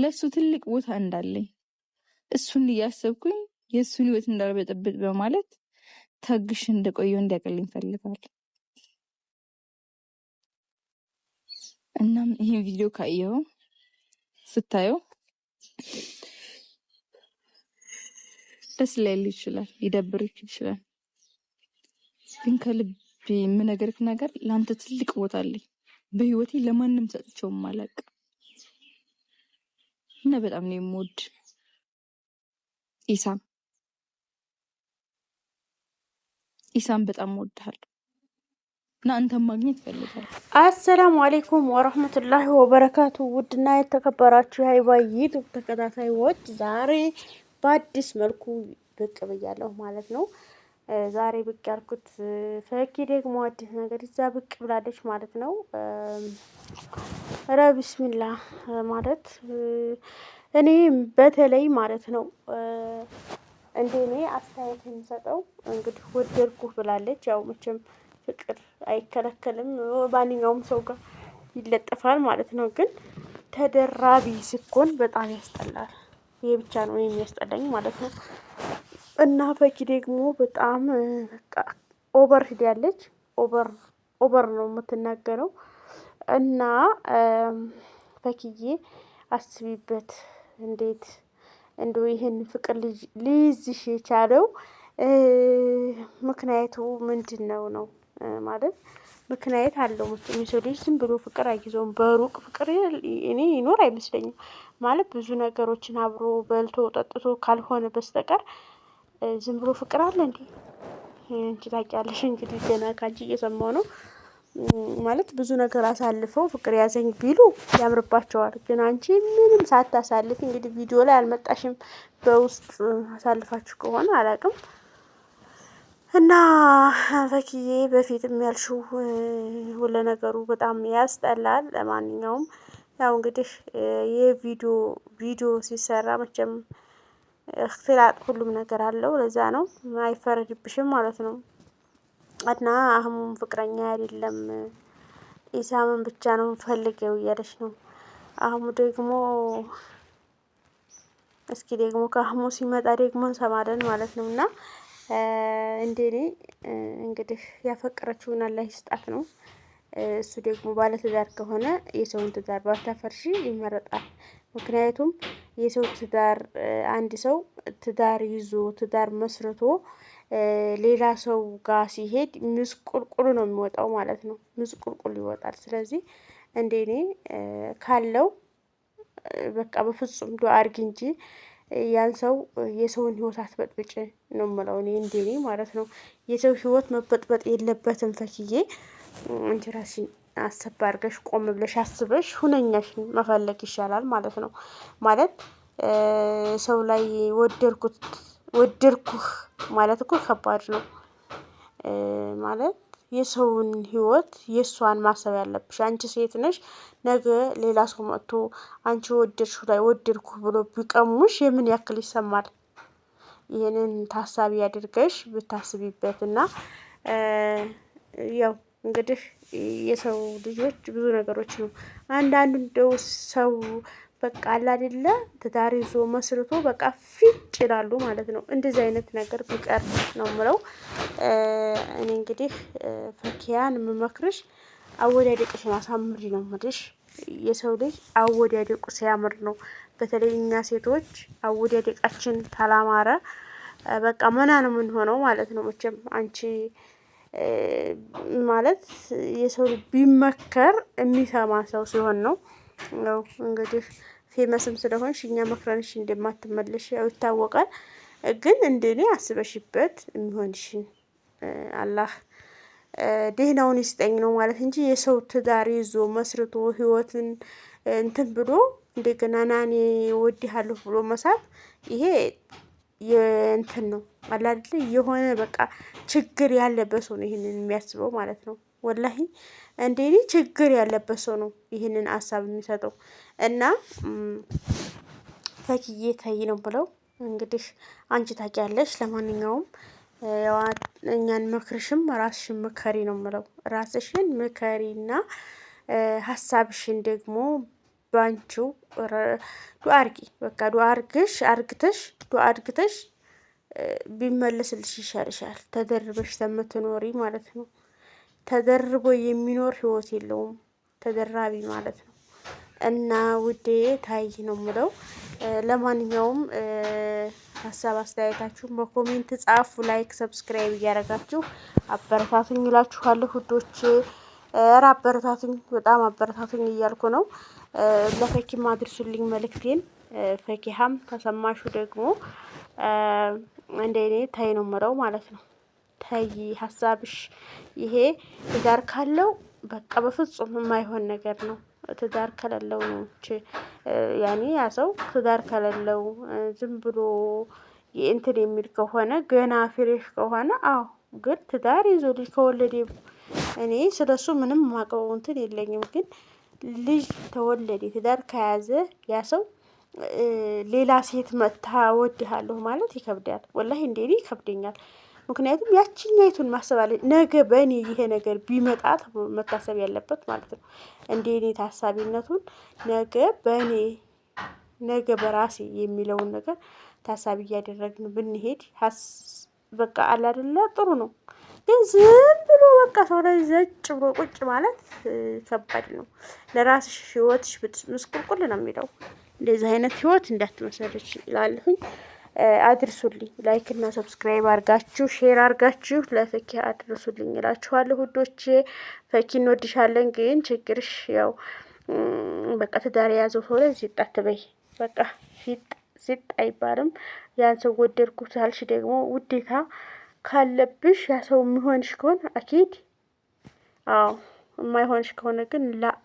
ለእሱ ትልቅ ቦታ እንዳለኝ እሱን እያሰብኩኝ የእሱን ህይወት እንዳልበጠብጥ በማለት ታግሽ እንደቆየው እንዲያቀልኝ ይፈልጋል። እናም ይህን ቪዲዮ ካየው ስታየው ደስ ላይል ይችላል፣ ሊደብርህ ይችላል። ግን ከልቤ የምነግርህ ነገር ለአንተ ትልቅ ቦታ አለኝ። በህይወቴ ለማንም ሰጥቼውም አላውቅም። እና በጣም ነው የምወድ ኢሳም ኢሳም በጣም እወድሃለሁ እና አንተን ማግኘት ይፈልጋል። አሰላሙ አሌይኩም ወረህመቱላሂ ወበረካቱ። ውድና የተከበራችሁ የሀይባይ ተከታታዮች ዛሬ በአዲስ መልኩ ብቅ ብያለሁ ማለት ነው። ዛሬ ብቅ ያልኩት ፈኪ ደግሞ አዲስ ነገር እዛ ብቅ ብላለች ማለት ነው። ረ ብስሚላ ማለት እኔ በተለይ ማለት ነው እንደ እኔ አስተያየት የምሰጠው እንግዲህ ወደድኩ ብላለች። ያው መቼም ፍቅር አይከለከልም፣ ማንኛውም ሰው ጋር ይለጠፋል ማለት ነው። ግን ተደራቢ ስኮን በጣም ያስጠላል። ይሄ ብቻ ነው የሚያስጠላኝ ማለት ነው። እና ፈኪ ደግሞ በጣም ኦቨር ሂዳለች። ኦቨር ኦቨር ነው የምትናገረው። እና ፈኪዬ አስቢበት። እንዴት እንዶ ይህን ፍቅር ሊይዝሽ የቻለው ምክንያቱ ምንድን ነው ነው ማለት ምክንያት አለው የሰው ልጅ ዝም ብሎ ፍቅር አይዞም። በሩቅ ፍቅር እኔ ይኖር አይመስለኝም። ማለት ብዙ ነገሮችን አብሮ በልቶ ጠጥቶ ካልሆነ በስተቀር ዝም ብሎ ፍቅር አለ እንዴ? አንቺ ታውቂያለሽ እንግዲህ ገና ከአንቺ እየሰማው ነው። ማለት ብዙ ነገር አሳልፈው ፍቅር ያዘኝ ቢሉ ያምርባቸዋል። ግን አንቺ ምንም ሳታሳልፊ እንግዲህ ቪዲዮ ላይ አልመጣሽም። በውስጥ አሳልፋችሁ ከሆነ አላውቅም። እና ፈኪዬ በፊትም ያልሽው ሁለ ነገሩ በጣም ያስጠላል። ለማንኛውም ያው እንግዲህ ይህ ቪዲዮ ቪዲዮ ሲሰራ መቼም እክትላጥ ሁሉም ነገር አለው። ለዛ ነው አይፈረድብሽም ማለት ነው። እና አህሙም ፍቅረኛ አይደለም ኢሳምን ብቻ ነው ፈልገው እያለች ነው። አህሙ ደግሞ እስኪ ደግሞ ከአህሙ ሲመጣ ደግሞ እንሰማለን ማለት ነው እና እንደኔ እንግዲህ ያፈቀረችውን አላህ ይስጣት ነው። እሱ ደግሞ ባለትዳር ከሆነ የሰውን ትዳር ባታፈርሺ ይመረጣል። ምክንያቱም የሰው ትዳር አንድ ሰው ትዳር ይዞ ትዳር መስርቶ ሌላ ሰው ጋር ሲሄድ ምስቁልቁሉ ነው የሚወጣው ማለት ነው። ምስቁልቁሉ ይወጣል። ስለዚህ እንደ እኔ ካለው በቃ በፍጹም ዱአ አድርጊ እንጂ ያን ሰው የሰውን ህይወት አትበጥብጭ ነው የምለው እኔ እንደ ማለት ነው። የሰው ህይወት መበጥበጥ የለበትም። ፈክዬ አንቺ አስብ አድርገሽ ቆም ብለሽ አስበሽ ሁነኛሽ መፈለግ ይሻላል ማለት ነው። ማለት ሰው ላይ ወደድኩት ወደድኩህ ማለት እኮ ከባድ ነው። ማለት የሰውን ህይወት የእሷን ማሰብ ያለብሽ አንቺ ሴት ነሽ። ነገ ሌላ ሰው መጥቶ አንቺ ወደድሽ ላይ ወደድኩህ ብሎ ቢቀሙሽ የምን ያክል ይሰማል? ይህንን ታሳቢ አድርገሽ ብታስቢበት እና ያው እንግዲህ የሰው ልጆች ብዙ ነገሮች ነው። አንዳንዱ እንደው ሰው በቃ አለ አይደለ ትዳር ይዞ መስርቶ በቃ ፊጭ ይላሉ ማለት ነው። እንደዚህ አይነት ነገር ቢቀር ነው ምለው። እኔ እንግዲህ ፈኪያን የምመክርሽ አወዳደቅሽን አሳምሪ ነው ምልሽ። የሰው ልጅ አወዳደቁ ሲያምር ነው። በተለይ እኛ ሴቶች አወዳደቃችን ታላማረ በቃ መና ነው የምንሆነው ማለት ነው። መቼም አንቺ ማለት የሰው ልጅ ቢመከር የሚሰማ ሰው ሲሆን ነው። ያው እንግዲህ ፌመስም ስለሆንሽ እኛ መክረንሽ እንደማትመለሽ ያው ይታወቃል። ግን እንደኔ አስበሽበት የሚሆንሽን አላህ ደህናውን ይስጠኝ ነው ማለት እንጂ የሰው ትዳር ይዞ መስርቶ ህይወትን እንትን ብሎ እንደገና ናኔ እኔ እወድሃለሁ ብሎ መሳት ይሄ እንትን ነው አላደለ የሆነ በቃ ችግር ያለበት ሰው ነው ይህንን የሚያስበው ማለት ነው። ወላሂ እንደኔ ችግር ያለበት ሰው ነው ይህንን ሀሳብ የሚሰጠው እና ፈክዬ ተይ ነው ብለው እንግዲህ አንቺ ታውቂያለሽ። ለማንኛውም እኛን መክርሽም ራስሽን ምከሪ ነው ምለው። ራስሽን ምከሪና ሀሳብሽን ደግሞ ባንቺው ዱ አርጊ። በቃ ዱ አርግሽ አርግተሽ ዱአ አርግተሽ ቢመለስልሽ ይሻልሻል። ተደርበሽ ተምትኖሪ ማለት ነው። ተደርቦ የሚኖር ህይወት የለውም ተደራቢ ማለት ነው። እና ውዴ ታይ ነው ምለው። ለማንኛውም ሀሳብ አስተያየታችሁ በኮሜንት ጻፉ። ላይክ፣ ሰብስክራይብ እያደረጋችሁ አበረታቱኝ ይላችኋለሁ ውዶች። ኧረ አበረታቱኝ፣ በጣም አበረታቱኝ እያልኩ ነው። ለፈኪም አድርሱልኝ መልእክቴን። ፈኪሀም ተሰማሹ ደግሞ እንደ እኔ ታይ ነው ምለው ማለት ነው። ታይ ሀሳብሽ ይሄ ትዳር ካለው በቃ በፍጹም የማይሆን ነገር ነው። ትዳር ከሌለው ነው ያኔ ያ ሰው ትዳር ከሌለው ዝም ብሎ እንትን የሚል ከሆነ ገና ፍሬሽ ከሆነ አዎ። ግን ትዳር ይዞ ልጅ ከወለደ እኔ ስለሱ ምንም ማቀው እንትን የለኝም። ግን ልጅ ተወለደ ትዳር ከያዘ ያ ሰው ሌላ ሴት መታ ወድሃለሁ ማለት ይከብዳል። ወላሂ እንዴ ይከብደኛል። ምክንያቱም ያችኛይቱን ማሰብ አለ ነገ በእኔ ይሄ ነገር ቢመጣ መታሰብ ያለበት ማለት ነው። እንዴ እኔ ታሳቢነቱን ነገ በእኔ ነገ በራሴ የሚለውን ነገር ታሳቢ እያደረግን ብንሄድ በቃ አለ አይደለ ጥሩ ነው። ግን ዝም ብሎ በቃ ሰው ላይ ዘጭ ብሎ ቁጭ ማለት ከባድ ነው። ለራስሽ ህይወትሽ ምስቁልቁል ነው የሚለው እንደዚህ አይነት ህይወት እንዳትመሰርች ይላለሁኝ። አድርሱልኝ። ላይክ እና ሰብስክራይብ አርጋችሁ ሼር አርጋችሁ ለፈኪ አድርሱልኝ ይላችኋለሁ ውዶቼ። ፈኪ እንወድሻለን፣ ግን ችግርሽ ያው በቃ ትዳር የያዘው ሰው ላይ ዚጥ አትበይ። በቃ ፊጥ ዚጥ አይባልም። ያን ሰው ወደድኩት አልሽ ደግሞ ውዴታ ካለብሽ ያ ሰው የሚሆንሽ ከሆነ አኪድ አዎ፣ የማይሆንሽ ከሆነ ግን ላ